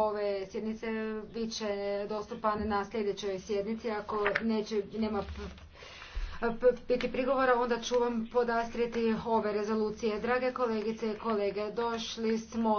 ove sjednice bit će dostupan na sljedećoj sjednici. Ako neće, nema biti prigovora, onda ću vam podastriti ove rezolucije. Drage kolegice i kolege, došli smo